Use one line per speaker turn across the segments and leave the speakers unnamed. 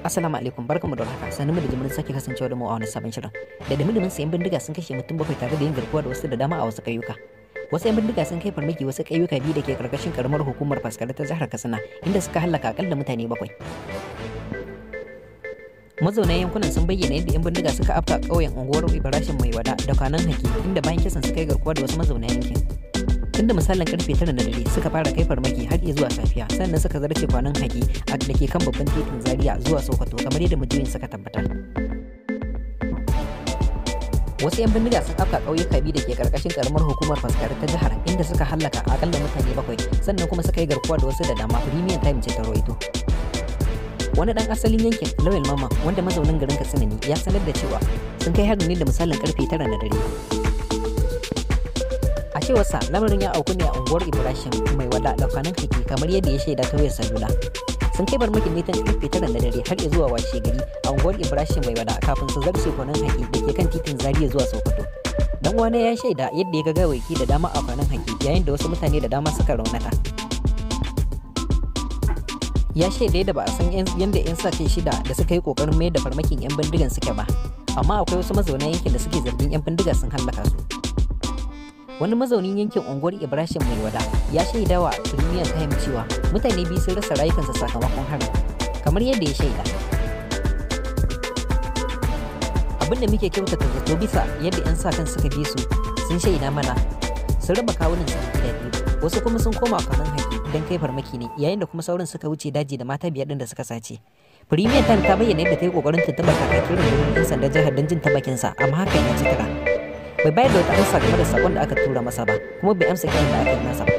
Assalamu alaikum barkamu da warhaka sanin mu da jimirin sake kasancewa da mu a wani sabon shirin. Da da dumin sayan bindiga sun kashe mutum bakwai tare da yin garkuwa da wasu da dama a wasu kayuka Wasu 'yan bindiga sun kai farmaki wasu kayuka biyu da ke karkashin karamar hukumar faskare ta jihar Katsina inda suka hallaka da mutane bakwai. mazauna yankunan sun bayyana yadda 'yan bindiga suka afka ƙauyen unguwar ibrahim mai wada da kwanan haki inda bayan kisan suka yi garkuwa da wasu mazauna yankin tun da misalin karfe tara na dare suka fara kai farmaki har zuwa safiya sannan suka zarce kwanan haki a da ke kan babban titin zaria zuwa sokoto kamar yadda mujiyoyin suka tabbatar wasu 'yan bindiga sun afka ƙauyuka biyu da ke karkashin karamar hukumar faskar ta jihar inda suka hallaka akalla mutane bakwai sannan kuma suka yi garkuwa da wasu da dama premium time ce ta roito wani dan asalin yankin lawal mama wanda mazaunin garin katsina ne ya sanar da cewa sun kai harin ne da misalin karfe tara na dare a cewarsa lamarin ya auku ne a unguwar ibrahim mai wada daukanin kake kamar yadda ya shaida ta wayar salula sun kai barmakin ne ta karfe tara na dare har zuwa washe gari a unguwar ibrahim mai wada kafin su zarce kwanan haki da ke kan titin zariya zuwa sokoto dan uwana ya shaida yadda ya ga gawaki da dama a kwanan haƙi yayin da wasu mutane da dama suka raunata ya shaida yadda ba a san yadda 'yan sa shida da suka yi kokarin mayar da farmakin 'yan bindigan suke ba amma akwai wasu mazauna yankin da suke zargin 'yan bindiga sun hallaka su wani mazaunin yankin unguwar ibrahim mai wada ya shaida wa premier time cewa mutane biyu sun rasa rayukansa sakamakon harin kamar yadda ya shaida abinda muke kyautata zato bisa yadda 'yan sa kan suka bi su sun shaida mana sun raba kawunan su gida biyu wasu kuma sun koma kaman haƙi don kai farmaki ne yayin da kuma sauran suka wuce daji da mata biyar din da suka sace Premier Time ta bayyana yadda ta yi kokarin tuntuɓar kakakin rundunar 'yan sanda jihar don jin tabakinsa amma hakan ya ci tara. bai bayar da wata amsa game da sakon da aka tura masa ba kuma bai amsa kiran da aka yi masa ba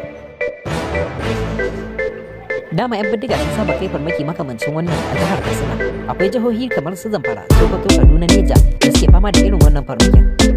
dama yan bindiga sun saba kai farmaki makamancin wannan a jihar katsina akwai jihohi kamar su zamfara sokoto kaduna neja da suke fama da irin wannan farmakin